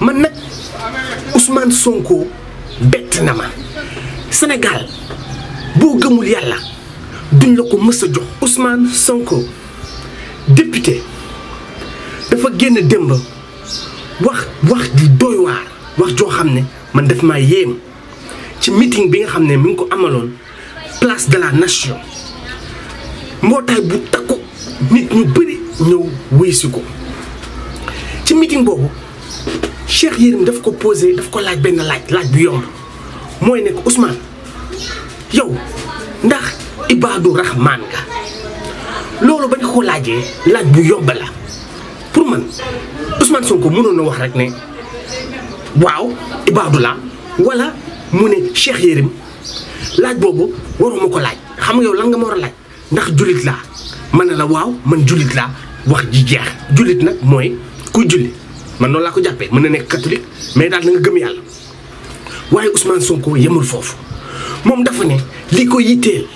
man nag Ousmane Sonko bett na ma senegal boo gëmul yàlla duñ la ko mës a jox. Ousmane Sonko député dafa génn démb wax wax ju doy wax joo xam ne man daf maa yéem ci mitin bi nga xam ne mi ngi ko amaloon place de la nation mbootaay bu takku nit ñu bëri ñëw wuy ko ci mitin boobu. Cheikh Yérim daf ko posé daf ko laaj benn laaj laaj bu yomb mooy nekk Ousmane yow ndax Ibadu Rahman nga loolu bañ ko laajee laaj bu yomb la pour man Ousmane Sonko mënoon na wax rek ne waaw Ibadu la wala mu ne Cheikh Yérim laaj boobu waruma ko laaj xam nga yow lan nga ma a laaj ndax julit la ma ne la waaw man jullit laa wax ji jeex jullit nag mooy ku julli. man noonu laa ko jàppee mën na nekk catholique mais daal na nga gëm yàlla waaye Ousmane Sonko yemul foofu moom dafa ne li ko yitteel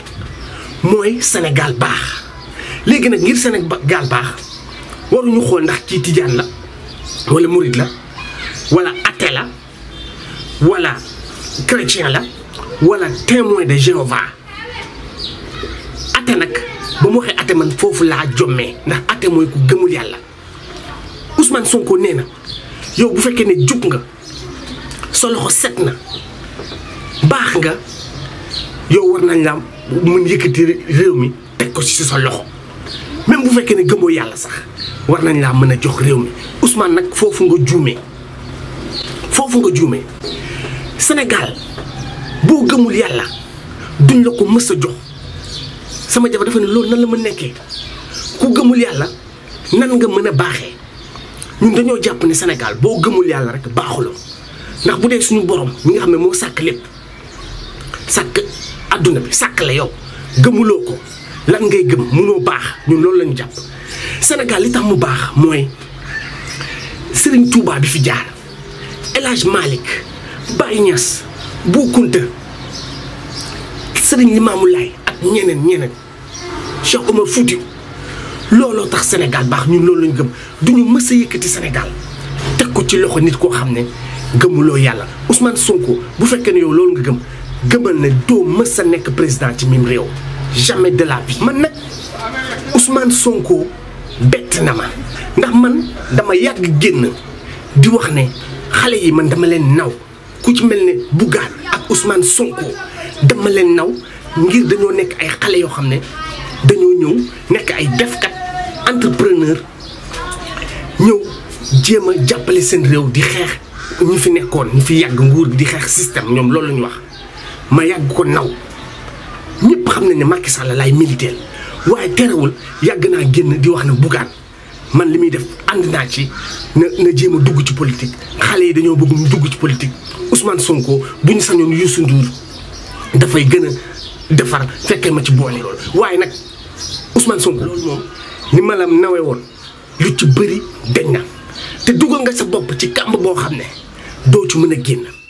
mooy Sénégal baax léegi nag ngir Sénégal baax waruñu xool ndax ci tijaan la wala murid la wala ate la wala chrétien la wala témoin de Jéhovah ate nag ba mu waxee ate man foofu laa jommee ndax athée mooy ku gëmul yàlla Ousmane Sonko nee na yow bu fekkee ne jub nga sa loxo na baax yow war nañ la mun réew mi teg ko ci sa loxo même bu fekkee ne gëmoo yàlla sax war nañ laa mën a jox réew mi Ousmane nag foofu nga juumee foofu nga juumee Sénégal boo gëmul yàlla duñ la ko mës a jox sama jabar dafa ne loolu nan la mën nekkee ku gëmul yàlla nan nga mën a baaxee ñun dañoo jàpp ni senegal boo gëmul yàlla rek baaxuloo ndax bu dee suñu boroom mi ngi xam ne moo sàkk lépp sàkk adduna bi sàkk la yow gëmuloo ko lan ngay gëm mënoo baax ñun loolu lañu jàpp. senegal li tax mu baax mooy sëriñ Touba bi fi jaan El Hadj Malick Baye Niass Bou Kounta Serigne Limamou ak ñeneen ñeneen Cheikh Omar Foutiyou. looloo tax Sénégal baax ñu loolu lañ gëm du ñu mës a yëkkati Sénégal teg ku ci loxo nit koo xam ne gëmuloo yàlla Ousmane Sonko bu fekkee ne yow loolu nga gëm gëmal ne doo mës a nekk président ci miim réew jamais de la man nag Ousmane Sonko bett na ma ndax man dama yàgg génn di wax ne xale yi man dama leen naw ku ci mel ne Bougane ak usmaan Sonko dama leen naw ngir dañoo nekk ay xale yoo xam ne dañoo ñëw nekk ay defkat. entrepreneur ñëw jéem a jàppale seen réew di xeex ñu fi nekkoon ñu fi yàgg nguur bi di xeex système ñoom loolu la ñu wax ma yàgg ko naw ñëpp xam nañ ne Macky Sall laay militaire waaye terewul yàgg naa génn di wax na Bougane man li muy def ànd naa ci na na jéem a dugg ci politique xale yi dañoo bëgg mu dugg ci politique Ousmane Sonko bu ñu sañoon Youssou Ndour dafay gën a defar fekkee ma ci boole waaye nag Ousmane Sonko loolu moom. ni ma la nawe woon lu ci bëri dañ na te dugal nga sa bopp ci kàmb boo xam ne doo ci mën a génn.